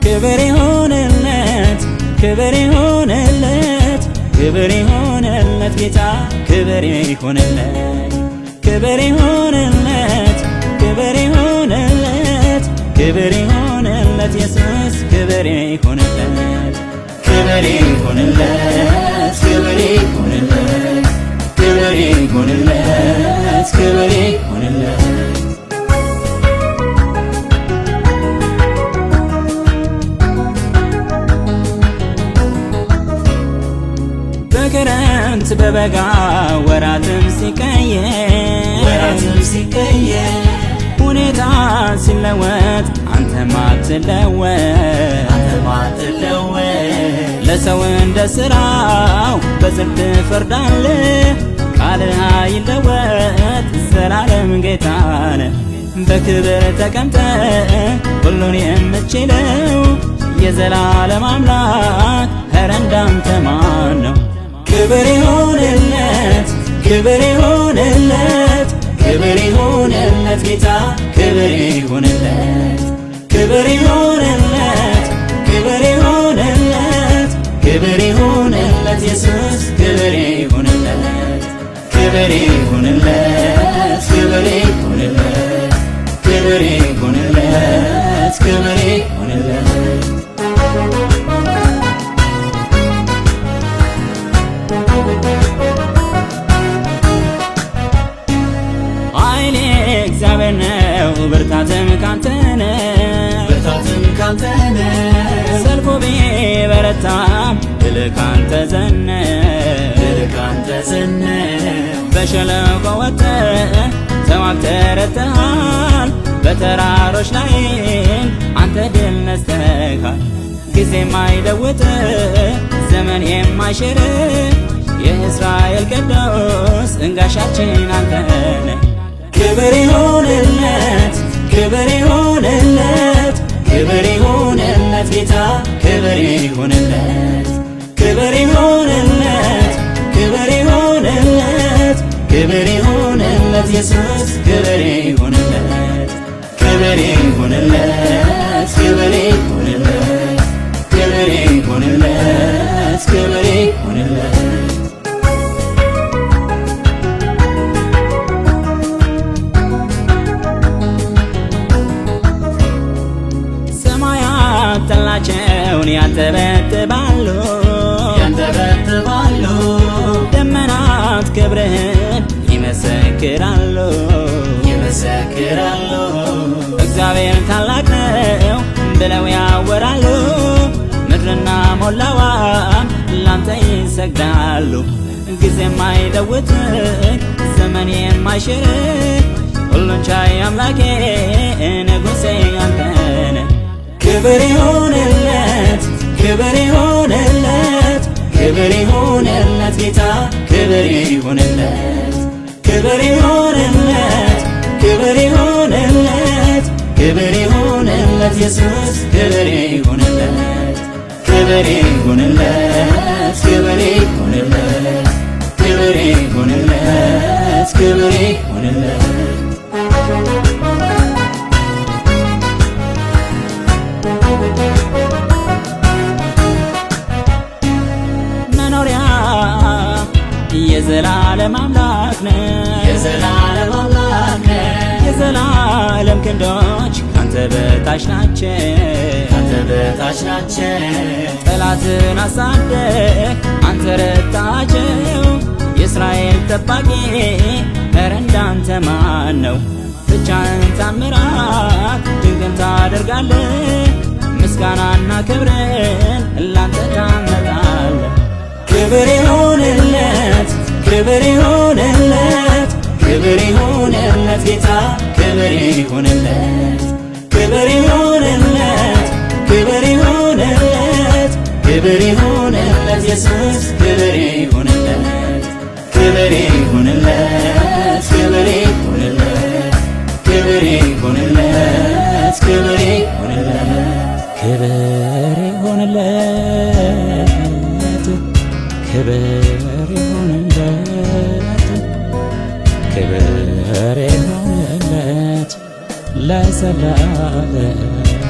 Que veré. ክብር ይሆነለት ክብር ይሆነለት ጌታ ክብር ይሆነለት ክብር ይሆነለት ክብር ይሆነለት ክብር ይሆነለት ኢየሱስ ክብር ይሆነለት ክብር ይሆነለት ክረምት በበጋ ወራትም ሲቀየር ሁኔታ ሲለወጥ አንተ አትለወጥ። ለሰው እንደ ስራው በጽድቅ ፈርዳለ ቃልህ አይለወጥ ዘላለም ጌታነ በክብር ተቀምጠ ሁሉን የምትችለው የዘላለም አምላክ ኧረ እንዳንተ ማን ነው? ክብር ክብር ይሁንለት፣ ክብር ይሁንለት፣ ጌታ ክብር ይሁንለት፣ ክብር ይሁንለት፣ ክብር ይሁንለት፣ ክብር ይሁንለት፣ ኢየሱስ ክብር ይሁንለት፣ ክብር ይሁንለት፣ ክብር ይሁንለት፣ ክብር ይሁንለት፣ ክብር ይሁንለት አልበረታም እልህ ካንተ ዘነ በሸለቆ ወጠ ሰማክ ተረተሃል በተራሮች ላይ አንተ ድል ነስተካል ጊዜ የማይለውጥ ዘመን የማይሽር የእስራኤል ቅዱስ እንጋሻችን አንተ ክብር ይሁን ለእውነት ጌታ ክብር ይሁንለት፣ ክብር ይሁንለት፣ ክብር ይሁንለት፣ ክብር ይሁንለት ኢየሱስ ክብር ይሁንለት፣ ክብር ይሁንለት፣ ክብር ይሁንለት፣ ክብር ይሁንለት፣ ክብር ይሁንለት ያንጠበጥባሉ ያንጠበጥባሉ ደመናት ክብርህን ይመሰክራሉ ይመሰክራሉ እግዚአብሔር ታላቅ ነው ብለው ያወራሉ ምድርና ሞላዋን ላንተ ይሰግዳሉ ጊዜ የማይለውጥህ ዘመን የማይሽርህ ሁሉን ቻይ አምላኬ ንጉሴ አንተነ ክብር ይሁንልህ ክብር ይሆንለት፣ ክብር ይሆንለት ጌታ ክብር ይሆንለት፣ ክብር ይሆንለት፣ ክብር ይሆንለት፣ ክብር ይሆንለት ኢየሱስ ክብር ይሆንለት፣ ክብር ይሆንለት፣ ክብር ይሆንለት፣ ክብር ይሆንለት፣ ክብር ይሆንለት የዘላለም አምላክ ነህ የዘላለም አምላክ የዘላለም ክንዶች ካንተ በታች ናቸ ካንተ በታች ናቸ ጠላትን አሳደ አንተ ረታቸው የእስራኤል ጠባቂ እረ እንዳንተ ማን ነው ብቻህን ታምራት ድንቅን ታደርጋለ ምስጋናና ክብርን ላንተ ታመጣለ ክብር ይሁንለት ክብር ይሁንለት፣ ክብር ይሁንለት ጌታ ክብር ይሁንለት፣ ክብር ይሁንለት፣ ክብር ይሁንለት፣ ክብር ይሁንለት ኢየሱስ ክብር ይሁንለት፣ ክብር ይሁንለት፣ ክብር ይሁንለት፣ ክብር ይሁንለት፣ ክብር ይሁንለት፣ ክብር ይሁንለት ክብር ክብር ይሁንለት ለዘላለም